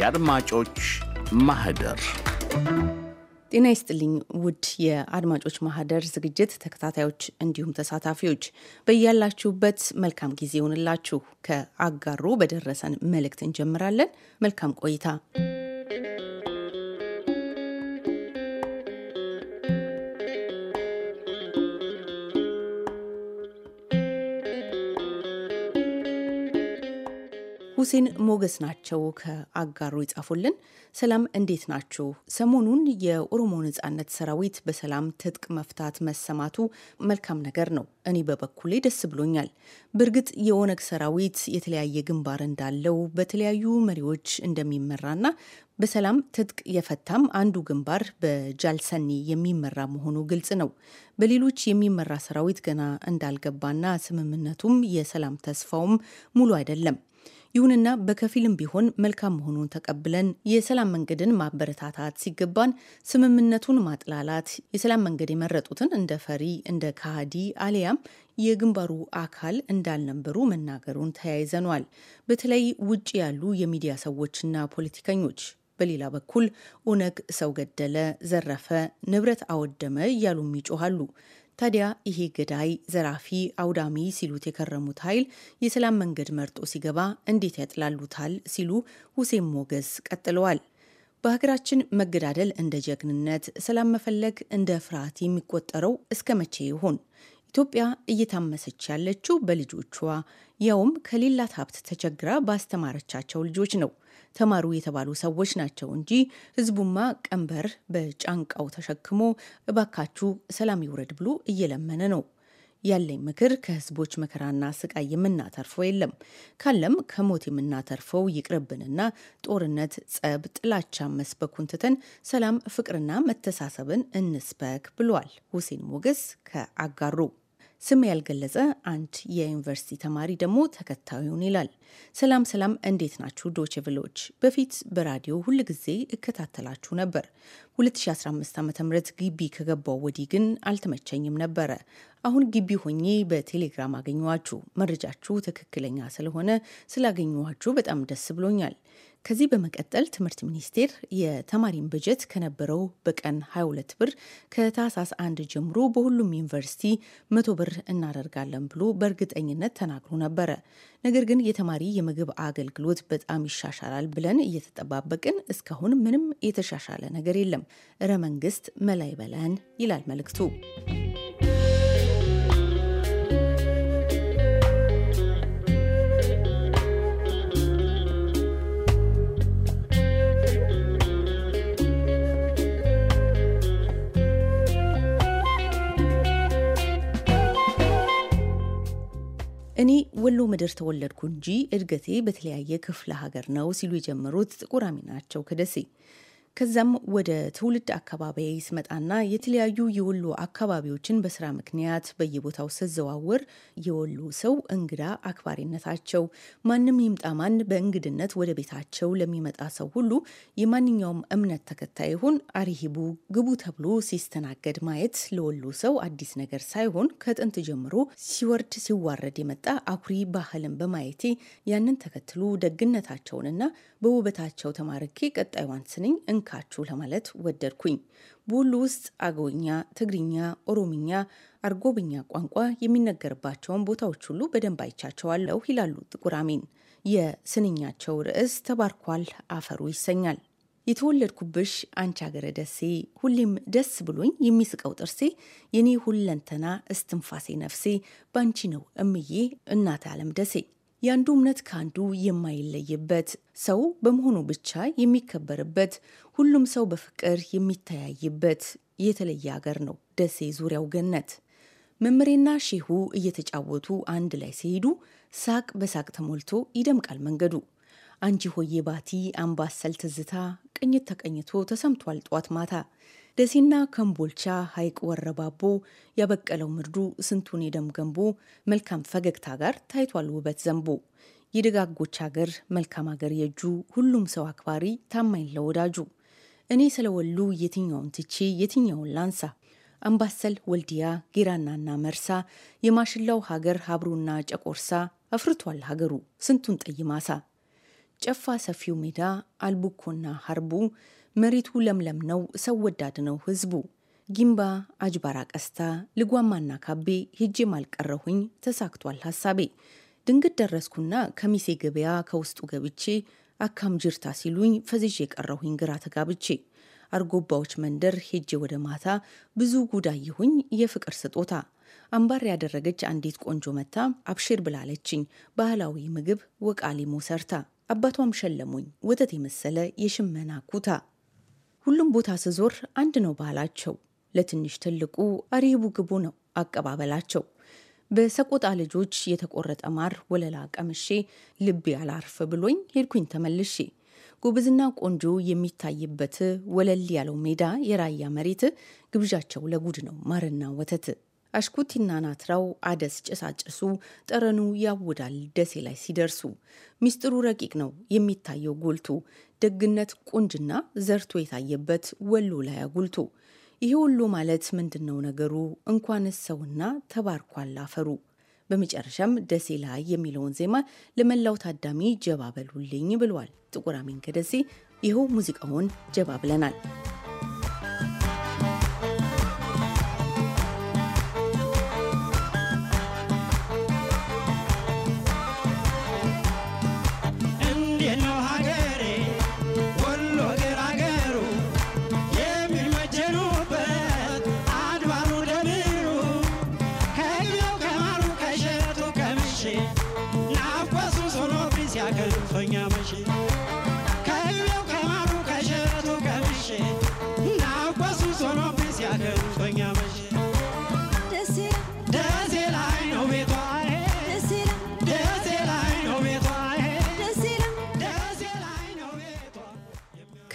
የአድማጮች ማህደር ጤና ይስጥልኝ ውድ የአድማጮች ማህደር ዝግጅት ተከታታዮች እንዲሁም ተሳታፊዎች በያላችሁበት መልካም ጊዜ ይሆንላችሁ። ከአጋሩ በደረሰን መልእክት እንጀምራለን። መልካም ቆይታ። ሁሴን ሞገስ ናቸው ከአጋሩ ይጻፉልን። ሰላም እንዴት ናችሁ? ሰሞኑን የኦሮሞ ነጻነት ሰራዊት በሰላም ትጥቅ መፍታት መሰማቱ መልካም ነገር ነው። እኔ በበኩሌ ደስ ብሎኛል። በእርግጥ የኦነግ ሰራዊት የተለያየ ግንባር እንዳለው በተለያዩ መሪዎች እንደሚመራና በሰላም ትጥቅ የፈታም አንዱ ግንባር በጃልሰኒ የሚመራ መሆኑ ግልጽ ነው። በሌሎች የሚመራ ሰራዊት ገና እንዳልገባና ስምምነቱም የሰላም ተስፋውም ሙሉ አይደለም። ይሁንና በከፊልም ቢሆን መልካም መሆኑን ተቀብለን የሰላም መንገድን ማበረታታት ሲገባን ስምምነቱን ማጥላላት፣ የሰላም መንገድ የመረጡትን እንደ ፈሪ፣ እንደ ካሃዲ አሊያም የግንባሩ አካል እንዳልነበሩ መናገሩን ተያይዘኗል። በተለይ ውጭ ያሉ የሚዲያ ሰዎችና ፖለቲከኞች በሌላ በኩል ኦነግ ሰው ገደለ፣ ዘረፈ፣ ንብረት አወደመ እያሉ ይጮኋሉ። ታዲያ ይሄ ገዳይ፣ ዘራፊ፣ አውዳሚ ሲሉት የከረሙት ኃይል የሰላም መንገድ መርጦ ሲገባ እንዴት ያጥላሉታል ሲሉ ሁሴን ሞገስ ቀጥለዋል። በሀገራችን መገዳደል እንደ ጀግንነት፣ ሰላም መፈለግ እንደ ፍርሃት የሚቆጠረው እስከ መቼ ይሆን? ኢትዮጵያ እየታመሰች ያለችው በልጆቿ ያውም ከሌላት ሀብት ተቸግራ ባስተማረቻቸው ልጆች ነው። ተማሩ የተባሉ ሰዎች ናቸው እንጂ ህዝቡማ ቀንበር በጫንቃው ተሸክሞ እባካችሁ ሰላም ይውረድ ብሎ እየለመነ ነው። ያለኝ ምክር ከህዝቦች መከራና ስቃይ የምናተርፈው የለም። ካለም ከሞት የምናተርፈው ይቅርብንና ጦርነት፣ ጸብ፣ ጥላቻ መስበኩን ትተን ሰላም፣ ፍቅርና መተሳሰብን እንስበክ ብሏል ሁሴን ሞገስ ከአጋሩ። ስም ያልገለጸ አንድ የዩኒቨርሲቲ ተማሪ ደግሞ ተከታዩን ይላል። ሰላም ሰላም፣ እንዴት ናችሁ ዶችቭሎች? በፊት በራዲዮ ሁል ጊዜ እከታተላችሁ ነበር። 2015 ዓ ም ግቢ ከገባው ወዲህ ግን አልተመቸኝም ነበረ። አሁን ግቢ ሆኜ በቴሌግራም አገኘኋችሁ። መረጃችሁ ትክክለኛ ስለሆነ ስላገኘኋችሁ በጣም ደስ ብሎኛል። ከዚህ በመቀጠል ትምህርት ሚኒስቴር የተማሪን በጀት ከነበረው በቀን 22 ብር ከታህሳስ አንድ ጀምሮ በሁሉም ዩኒቨርሲቲ መቶ ብር እናደርጋለን ብሎ በእርግጠኝነት ተናግሮ ነበረ። ነገር ግን የተማሪ የምግብ አገልግሎት በጣም ይሻሻላል ብለን እየተጠባበቅን እስካሁን ምንም የተሻሻለ ነገር የለም። እረ መንግስት መላይ በለን ይላል መልእክቱ። ወሎ ምድር ተወለድኩ እንጂ እድገቴ በተለያየ ክፍለ ሀገር ነው ሲሉ የጀመሩት ጥቁር አሚናቸው ከደሴ ከዛም ወደ ትውልድ አካባቢ ስመጣና የተለያዩ የወሎ አካባቢዎችን በስራ ምክንያት በየቦታው ስዘዋወር የወሎ ሰው እንግዳ አክባሪነታቸው፣ ማንም ይምጣ ማን በእንግድነት ወደ ቤታቸው ለሚመጣ ሰው ሁሉ የማንኛውም እምነት ተከታይ ይሁን አርሂቡ ግቡ ተብሎ ሲስተናገድ ማየት ለወሎ ሰው አዲስ ነገር ሳይሆን ከጥንት ጀምሮ ሲወርድ ሲዋረድ የመጣ አኩሪ ባህልን በማየቴ ያንን ተከትሎ ደግነታቸውንና በውበታቸው ተማርኬ ቀጣይዋን ስንኝ ይንካችሁ ለማለት ወደድኩኝ። ቡሉ ውስጥ አገውኛ፣ ትግርኛ፣ ኦሮምኛ፣ አርጎብኛ ቋንቋ የሚነገርባቸውን ቦታዎች ሁሉ በደንብ አይቻቸዋለሁ ይላሉ ጥቁር አሚን። የስንኛቸው ርዕስ ተባርኳል አፈሩ ይሰኛል። የተወለድኩብሽ አንቺ ሀገረ ደሴ ሁሌም ደስ ብሎኝ የሚስቀው ጥርሴ የኔ ሁለንተና እስትንፋሴ ነፍሴ ባንቺ ነው እምዬ እናት አለም ደሴ የአንዱ እምነት ከአንዱ የማይለይበት ሰው በመሆኑ ብቻ የሚከበርበት ሁሉም ሰው በፍቅር የሚተያይበት የተለየ አገር ነው ደሴ ዙሪያው ገነት። መምሬና ሼሁ እየተጫወቱ አንድ ላይ ሲሄዱ ሳቅ በሳቅ ተሞልቶ ይደምቃል መንገዱ። አንቺ ሆዬ ባቲ፣ አምባሰል ትዝታ ቅኝት ተቀኝቶ ተሰምቷል ጧት ማታ። ደሴና ከምቦልቻ ሐይቅ ወረባቦ ያበቀለው ምርዱ ስንቱን የደም ገንቦ መልካም ፈገግታ ጋር ታይቷል ውበት ዘንቦ። የደጋጎች ሀገር መልካም ሀገር የእጁ ሁሉም ሰው አክባሪ ታማኝ ለወዳጁ። እኔ ስለ ወሎ የትኛውን ትቼ የትኛውን ላንሳ? አምባሰል፣ ወልዲያ፣ ጌራናና መርሳ የማሽላው ሀገር ሀብሩና ጨቆርሳ አፍርቷል ሀገሩ ስንቱን ጠይማሳ ጨፋ ሰፊው ሜዳ አልቡኮና ሀርቡ መሬቱ ለምለም ነው፣ ሰው ወዳድ ነው ህዝቡ። ጊምባ አጅባራ፣ ቀስታ ልጓማና ካቤ ሄጄም አልቀረሁኝ ተሳክቷል ሀሳቤ። ድንግት ደረስኩና ከሚሴ ገበያ ከውስጡ ገብቼ አካም ጅርታ ሲሉኝ ፈዝዤ የቀረሁኝ ግራ ተጋብቼ። አርጎባዎች መንደር ሄጄ ወደ ማታ ብዙ ጉዳይሁኝ የፍቅር ስጦታ አምባር ያደረገች አንዲት ቆንጆ መታ አብሽር ብላለችኝ ባህላዊ ምግብ ወቃሊሞ ሰርታ አባቷም ሸለሙኝ፣ ወተት የመሰለ የሽመና ኩታ። ሁሉም ቦታ ስዞር አንድ ነው ባህላቸው። ለትንሽ ትልቁ አሪቡ ግቡ ነው አቀባበላቸው። በሰቆጣ ልጆች የተቆረጠ ማር ወለላ ቀምሼ ልቤ አላርፍ ብሎኝ ሄድኩኝ ተመልሼ። ጉብዝና ቆንጆ የሚታይበት ወለል ያለው ሜዳ የራያ መሬት ግብዣቸው ለጉድ ነው ማርና ወተት። አሽኩቲና ናትራው አደስ ጭሳጭሱ ጠረኑ ያውዳል። ደሴ ላይ ሲደርሱ ሚስጥሩ ረቂቅ ነው የሚታየው ጎልቶ፣ ደግነት ቁንጅና ዘርቶ የታየበት ወሎ ላይ አጉልቶ። ይሄ ሁሉ ማለት ምንድን ነው ነገሩ? እንኳንስ ሰውና ተባርኳል አፈሩ። በመጨረሻም ደሴ ላይ የሚለውን ዜማ ለመላው ታዳሚ ጀባ በሉልኝ ብሏል። ጥቁር አሜን ከደሴ ይኸው ሙዚቃውን ጀባ ብለናል።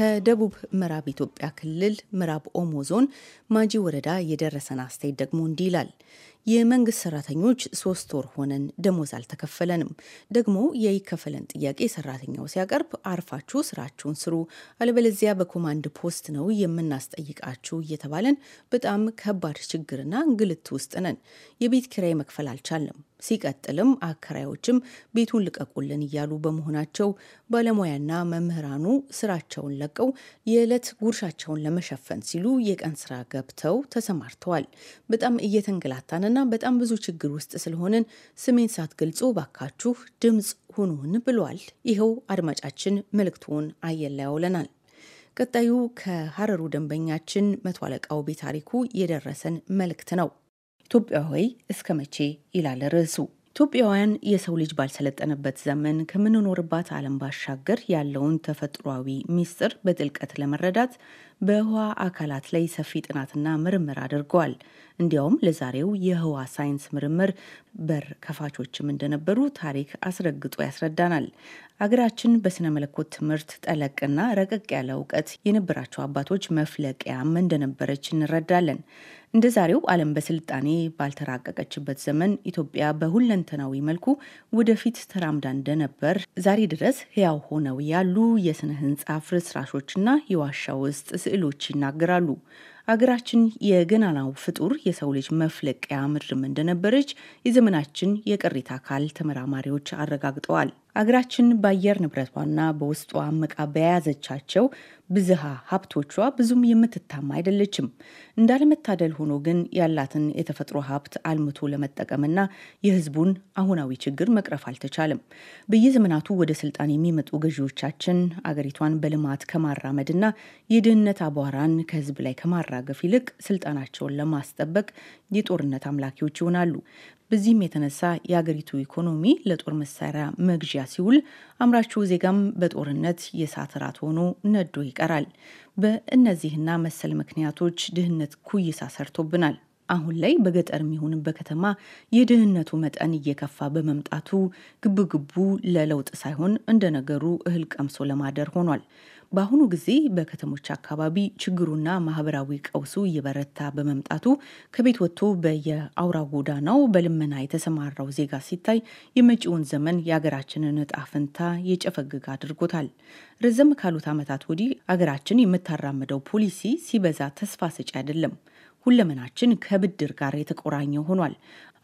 ከደቡብ ምዕራብ ኢትዮጵያ ክልል ምዕራብ ኦሞ ዞን ማጂ ወረዳ የደረሰን አስተያየት ደግሞ እንዲህ ይላል። የመንግስት ሰራተኞች ሶስት ወር ሆነን ደሞዝ አልተከፈለንም። ደግሞ የይከፈለን ጥያቄ ሰራተኛው ሲያቀርብ አርፋችሁ ስራችሁን ስሩ፣ አለበለዚያ በኮማንድ ፖስት ነው የምናስጠይቃችሁ እየተባለን በጣም ከባድ ችግርና እንግልት ውስጥ ነን። የቤት ኪራይ መክፈል አልቻለም ሲቀጥልም አከራዮችም ቤቱን ልቀቁልን እያሉ በመሆናቸው ባለሙያና መምህራኑ ስራቸውን ለቀው የዕለት ጉርሻቸውን ለመሸፈን ሲሉ የቀን ስራ ገብተው ተሰማርተዋል። በጣም እየተንገላታንና በጣም ብዙ ችግር ውስጥ ስለሆንን ስሜን ሳትገልጹ ባካችሁ ድምፅ ሁኑን ብሏል። ይኸው አድማጫችን መልእክቱን አየር ላይ ያውለናል። ቀጣዩ ከሀረሩ ደንበኛችን መቶ አለቃው ቤታሪኩ የደረሰን መልእክት ነው። ኢትዮጵያ ሆይ እስከ መቼ ይላል ርዕሱ። ኢትዮጵያውያን የሰው ልጅ ባልሰለጠነበት ዘመን ከምንኖርባት ዓለም ባሻገር ያለውን ተፈጥሯዊ ሚስጥር በጥልቀት ለመረዳት በህዋ አካላት ላይ ሰፊ ጥናትና ምርምር አድርገዋል። እንዲያውም ለዛሬው የህዋ ሳይንስ ምርምር በር ከፋቾችም እንደነበሩ ታሪክ አስረግጦ ያስረዳናል። አገራችን በስነ መለኮት ትምህርት ጠለቅና ረቀቅ ያለ እውቀት የነበራቸው አባቶች መፍለቂያም እንደነበረች እንረዳለን። እንደ ዛሬው ዓለም በስልጣኔ ባልተራቀቀችበት ዘመን ኢትዮጵያ በሁለንተናዊ መልኩ ወደፊት ተራምዳ እንደነበር ዛሬ ድረስ ሕያው ሆነው ያሉ የስነ ህንፃ ፍርስራሾችና የዋሻ ውስጥ ስዕሎች ይናገራሉ። አገራችን የገናናው ፍጡር የሰው ልጅ መፍለቂያ ምድርም እንደነበረች የዘመናችን የቅሪት አካል ተመራማሪዎች አረጋግጠዋል። አገራችን በአየር ንብረቷና በውስጧ አመቃ በያዘቻቸው ብዝሃ ሀብቶቿ ብዙም የምትታማ አይደለችም። እንዳለመታደል ሆኖ ግን ያላትን የተፈጥሮ ሀብት አልምቶ ለመጠቀምና የሕዝቡን አሁናዊ ችግር መቅረፍ አልተቻለም። በየዘመናቱ ወደ ስልጣን የሚመጡ ገዢዎቻችን አገሪቷን በልማት ከማራመድና የድህነት አቧራን ከሕዝብ ላይ ከማራገፍ ይልቅ ስልጣናቸውን ለማስጠበቅ የጦርነት አምላኪዎች ይሆናሉ። በዚህም የተነሳ የአገሪቱ ኢኮኖሚ ለጦር መሳሪያ መግዣ ሲውል አምራቹ ዜጋም በጦርነት የእሳት እራት ሆኖ ነዶ ይቀራል። በእነዚህና መሰል ምክንያቶች ድህነት ኩይሳ ሰርቶብናል። አሁን ላይ በገጠር የሚሆን በከተማ የድህነቱ መጠን እየከፋ በመምጣቱ ግብግቡ ለለውጥ ሳይሆን እንደነገሩ እህል ቀምሶ ለማደር ሆኗል። በአሁኑ ጊዜ በከተሞች አካባቢ ችግሩና ማህበራዊ ቀውሱ እየበረታ በመምጣቱ ከቤት ወጥቶ በየአውራ ጎዳናው በልመና የተሰማራው ዜጋ ሲታይ የመጪውን ዘመን የሀገራችንን እጣ ፈንታ የጨፈግግ አድርጎታል። ረዘም ካሉት ዓመታት ወዲህ አገራችን የምታራምደው ፖሊሲ ሲበዛ ተስፋ ሰጪ አይደለም። ሁለመናችን ከብድር ጋር የተቆራኘ ሆኗል።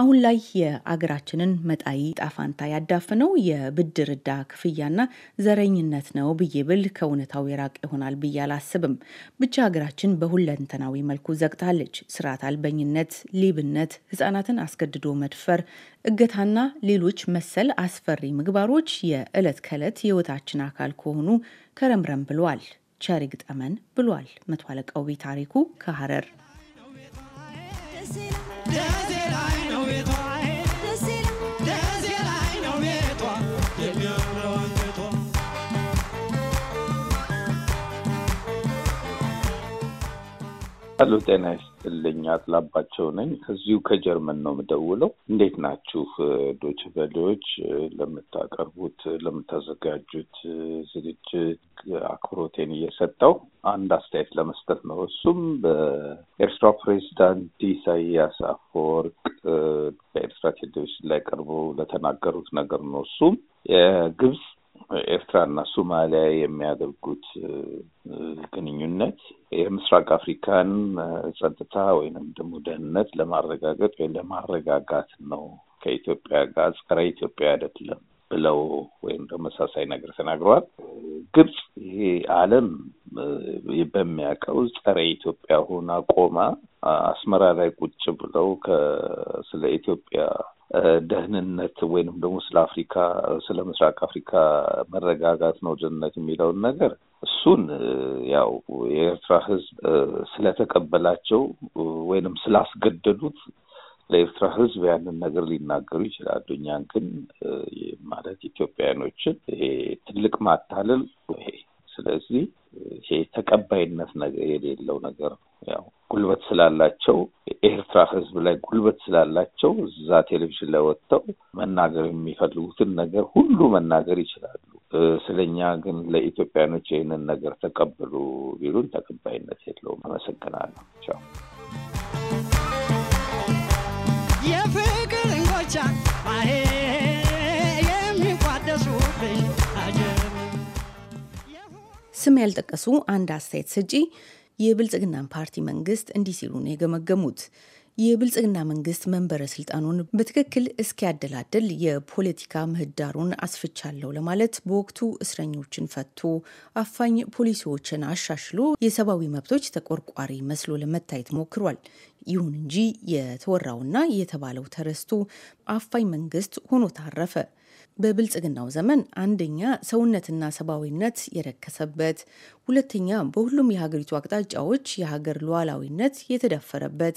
አሁን ላይ የአገራችንን መጣይ ጣፋንታ ያዳፍነው የብድር እዳ ክፍያና ዘረኝነት ነው ብዬ ብል ከእውነታው የራቅ ይሆናል ብዬ አላስብም። ብቻ ሀገራችን በሁለንተናዊ መልኩ ዘግታለች። ስርዓት አልበኝነት፣ ሌብነት፣ ህጻናትን አስገድዶ መድፈር፣ እገታና ሌሎች መሰል አስፈሪ ምግባሮች የዕለት ከዕለት ህይወታችን አካል ከሆኑ ከረምረም ብሏል። ቸር ይግጠመን ብሏል መቶ አለቃው ታሪኩ ከሀረር አሉ ጤና ይስጥልኝ። አጥላባቸው ነኝ። እዚሁ ከጀርመን ነው የምደውለው። እንዴት ናችሁ? ዶች በሌዎች ለምታቀርቡት ለምታዘጋጁት ዝግጅት አክብሮቴን እየሰጠው አንድ አስተያየት ለመስጠት ነው። እሱም በኤርትራ ፕሬዚዳንት ኢሳያስ አፈወርቅ በኤርትራ ቴሌቪዥን ላይ ቀርበው ለተናገሩት ነገር ነው። እሱም የግብጽ ኤርትራና ሶማሊያ የሚያደርጉት ግንኙነት የምስራቅ አፍሪካን ጸጥታ ወይንም ደግሞ ደህንነት ለማረጋገጥ ወይም ለማረጋጋት ነው ከኢትዮጵያ ጋር ጸረ ኢትዮጵያ አይደለም ብለው ወይም ደግሞ ነገር ተናግረዋል። ግብጽ ይሄ ዓለም በሚያውቀው ጸረ ኢትዮጵያ ሆና ቆማ አስመራ ላይ ቁጭ ብለው ከስለ ኢትዮጵያ ደህንነት ወይንም ደግሞ ስለ አፍሪካ ስለ ምስራቅ አፍሪካ መረጋጋት ነው ደህንነት የሚለውን ነገር እሱን ያው የኤርትራ ህዝብ ስለተቀበላቸው ወይንም ስላስገደዱት ለኤርትራ ህዝብ ያንን ነገር ሊናገሩ ይችላሉ። እኛን ግን ማለት ኢትዮጵያውያኖችን ይሄ ትልቅ ማታለል ይሄ ስለዚህ ተቀባይነት የሌለው ነገር ነው። ያው ጉልበት ስላላቸው የኤርትራ ህዝብ ላይ ጉልበት ስላላቸው እዛ ቴሌቪዥን ላይ ወጥተው መናገር የሚፈልጉትን ነገር ሁሉ መናገር ይችላሉ። ስለኛ ግን ለኢትዮጵያኖች ይህንን ነገር ተቀብሉ ቢሉን ተቀባይነት የለውም። አመሰግናለሁ። ቻው። የፍቅር እንጎቻ ስም ያልጠቀሱ አንድ አስተያየት ሰጪ የብልጽግናን ፓርቲ መንግስት እንዲህ ሲሉ ነው የገመገሙት። የብልጽግና መንግስት መንበረ ስልጣኑን በትክክል እስኪያደላድል የፖለቲካ ምህዳሩን አስፍቻለሁ ለማለት በወቅቱ እስረኞችን ፈቶ አፋኝ ፖሊሲዎችን አሻሽሎ የሰብአዊ መብቶች ተቆርቋሪ መስሎ ለመታየት ሞክሯል። ይሁን እንጂ የተወራውና የተባለው ተረስቶ አፋኝ መንግስት ሆኖ ታረፈ። በብልጽግናው ዘመን አንደኛ ሰውነትና ሰብአዊነት የረከሰበት፣ ሁለተኛ በሁሉም የሀገሪቱ አቅጣጫዎች የሀገር ሉዓላዊነት የተደፈረበት፣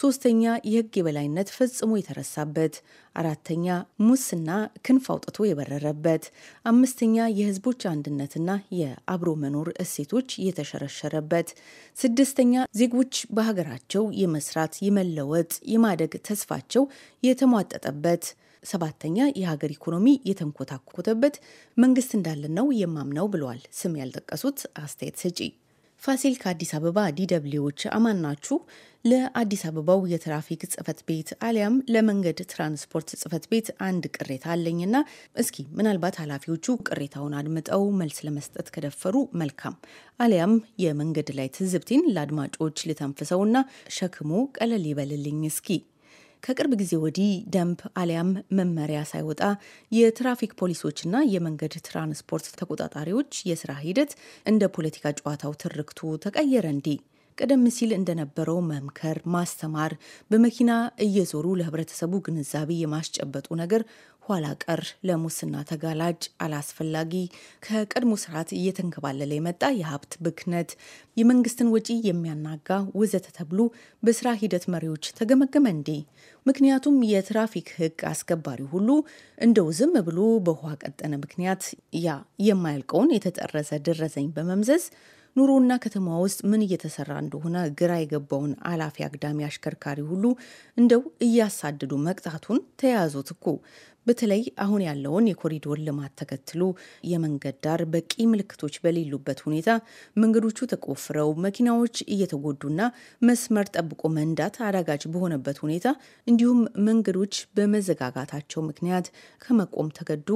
ሶስተኛ የህግ የበላይነት ፈጽሞ የተረሳበት፣ አራተኛ ሙስና ክንፍ አውጥቶ የበረረበት፣ አምስተኛ የህዝቦች አንድነትና የአብሮ መኖር እሴቶች የተሸረሸረበት፣ ስድስተኛ ዜጎች በሀገራቸው የመስራት፣ የመለወጥ፣ የማደግ ተስፋቸው የተሟጠጠበት ሰባተኛ የሀገር ኢኮኖሚ የተንኮታኮተበት መንግስት እንዳለን ነው የማምነው ብለዋል ስም ያልጠቀሱት አስተያየት ሰጪ። ፋሲል ከአዲስ አበባ ዲደብሊዎች አማን ናችሁ። ለአዲስ አበባው የትራፊክ ጽህፈት ቤት አሊያም ለመንገድ ትራንስፖርት ጽህፈት ቤት አንድ ቅሬታ አለኝና እስኪ ምናልባት ኃላፊዎቹ ቅሬታውን አድምጠው መልስ ለመስጠት ከደፈሩ መልካም፣ አሊያም የመንገድ ላይ ትዝብቴን ለአድማጮች ልተንፍሰውና ሸክሙ ቀለል ይበልልኝ እስኪ ከቅርብ ጊዜ ወዲህ ደንብ አሊያም መመሪያ ሳይወጣ የትራፊክ ፖሊሶችና የመንገድ ትራንስፖርት ተቆጣጣሪዎች የስራ ሂደት እንደ ፖለቲካ ጨዋታው ትርክቱ ተቀየረ እንዲህ። ቀደም ሲል እንደነበረው መምከር፣ ማስተማር፣ በመኪና እየዞሩ ለህብረተሰቡ ግንዛቤ የማስጨበጡ ነገር ኋላ ቀር፣ ለሙስና ተጋላጭ፣ አላስፈላጊ፣ ከቀድሞ ስርዓት እየተንከባለለ የመጣ የሀብት ብክነት፣ የመንግስትን ወጪ የሚያናጋ ወዘተ ተብሎ በስራ ሂደት መሪዎች ተገመገመ እንዴ? ምክንያቱም የትራፊክ ህግ አስከባሪ ሁሉ እንደው ዝም ብሎ በውሃ ቀጠነ ምክንያት ያ የማያልቀውን የተጠረዘ ደረሰኝ በመምዘዝ ኑሮና ከተማ ውስጥ ምን እየተሰራ እንደሆነ ግራ የገባውን አላፊ አግዳሚ አሽከርካሪ ሁሉ እንደው እያሳደዱ መቅጣቱን ተያያዙት እኮ። በተለይ አሁን ያለውን የኮሪዶር ልማት ተከትሎ የመንገድ ዳር በቂ ምልክቶች በሌሉበት ሁኔታ መንገዶቹ ተቆፍረው መኪናዎች እየተጎዱና መስመር ጠብቆ መንዳት አዳጋች በሆነበት ሁኔታ እንዲሁም መንገዶች በመዘጋጋታቸው ምክንያት ከመቆም ተገዱ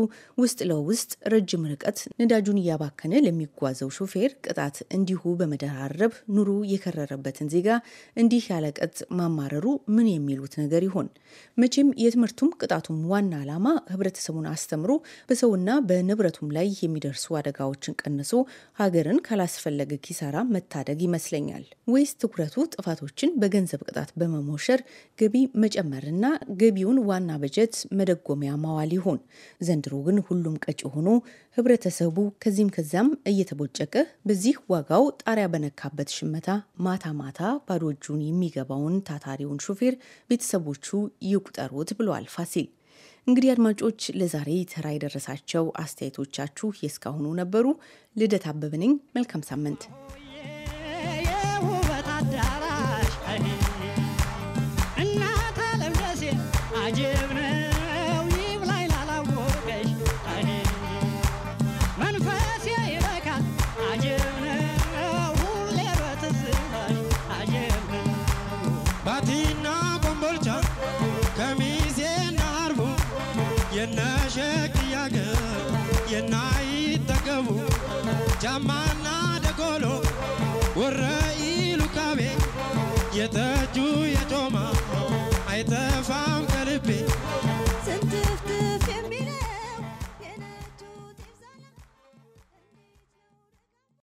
ውስጥ ለውስጥ ረጅም ርቀት ነዳጁን እያባከነ ለሚጓዘው ሾፌር ቅጣት እንዲሁ በመደራረብ ኑሮ የከረረበትን ዜጋ እንዲህ ያለ ቀጥ ማማረሩ ምን የሚሉት ነገር ይሆን? መቼም የትምህርቱም ቅጣቱም ዋና ዓላማ ዓላማ ህብረተሰቡን አስተምሮ በሰውና በንብረቱም ላይ የሚደርሱ አደጋዎችን ቀንሶ ሀገርን ካላስፈለገ ኪሳራ መታደግ ይመስለኛል። ወይስ ትኩረቱ ጥፋቶችን በገንዘብ ቅጣት በመሞሸር ገቢ መጨመርና ገቢውን ዋና በጀት መደጎሚያ ማዋል ይሆን? ዘንድሮ ግን ሁሉም ቀጭ ሆኖ ህብረተሰቡ ከዚህም ከዛም እየተቦጨቀ በዚህ ዋጋው ጣሪያ በነካበት ሽመታ ማታ ማታ ባዶ እጁን የሚገባውን ታታሪውን ሹፌር ቤተሰቦቹ ይቁጠሩት ብሏል ፋሲል። እንግዲህ አድማጮች ለዛሬ ተራ የደረሳቸው አስተያየቶቻችሁ የእስካሁኑ ነበሩ። ልደት አበበ ነኝ። መልካም ሳምንት።